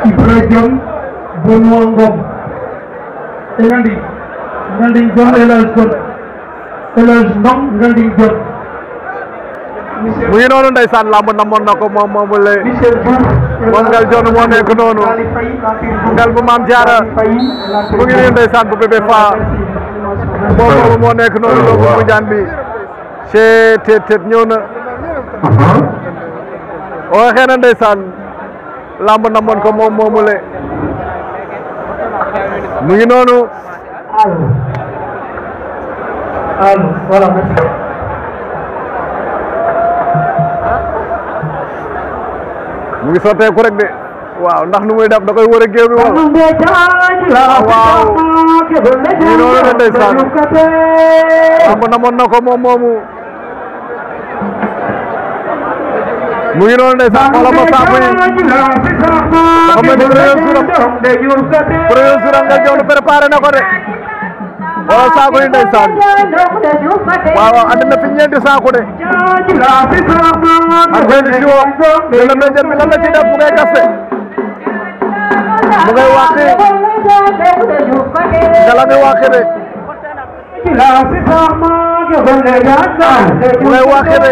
Ibrahim Bonwangom Ngandi Ngandi John Elage John Elage Ndong Ngandi John mu ngi noonu ndeysaan làmb namoon na ko moom moomu le moom ngal John moo nekk noonu ngal bu maam jaara mu ngi nii ndeysaan bu bébé faa moom moomu moo nekk noonu mu jaan bi cee teet teet ñëw na waxee uh-huh. oh, na làmb ko moom moomule mu ngi noonu mu ngi sotteeku rek de waaw ndax nu muy def da koy wër mu ngi noonu la ndeysaan làmb na ko moom moomu mu ngi noonu ndeysaan xoolal ma saabu yi dafa mel ni première suram première suram nga jowlu préparé na ko de xoolal saako yi ndeysaan waaw waaw ànd na fi ñeenti saako de ak benn jiwo dana meññeet bi lan la ci def mu ngay kaste mu ngay wàqi ngala mi wàqi de mu ngay wàqi de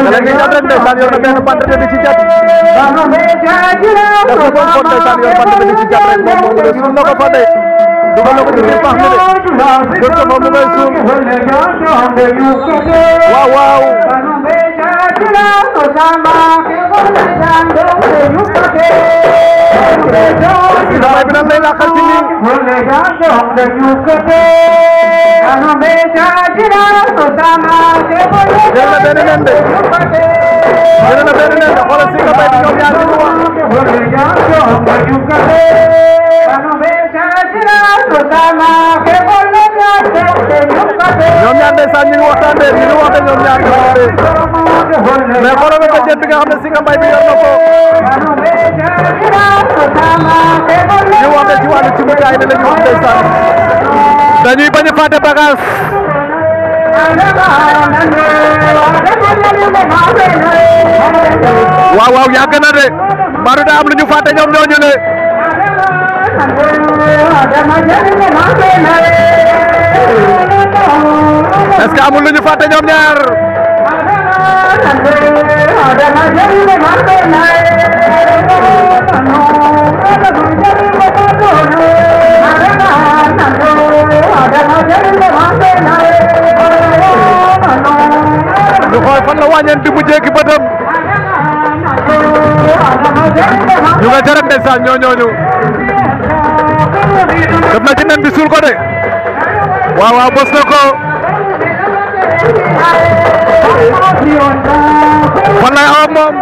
da ngay jàpp rek ndeysaan yor na benn bant bi ci jàpp def na ko kon ndeysaan yor bant bi ci jàpp rek moom moom de suul na ko fa de dugal na ko ci biir baax na de gën ko moom mu ngay suul waaw waaw damay bi nan lay laqal ci nii हमेशा जिला सुदामा से बोले जन्म देने में दे जन्म देने में दे और सिंह बैठ के प्यार से बोले जाओ जो हम क्यों करते हमेशा जिला सुदामा से बोले जाओ से क्यों करते ñoom ñaar de sax ñu ngi waxtaan de ñu ngi waxte ñoom ñaar ñu waxte mais xoolal ma ko jënd bi nga xam ne si nga mbay bi yor na ko ñu waxte ci wàllu ci mutaay bi la ñu wax ndeysaan dañuy ba a fàtte bagage waaw waaw yàgg na de mbaaru daa am lu ñu fàtte ñoom ñooñu ne est amul lu ñu fàtte ñoom ñaar fan la wàññeen di mu jéggi bëtam ñu nga jarat ndeysaan ñoo ñooñu def bi suul ko de waaw bos na ko fan lay aw moom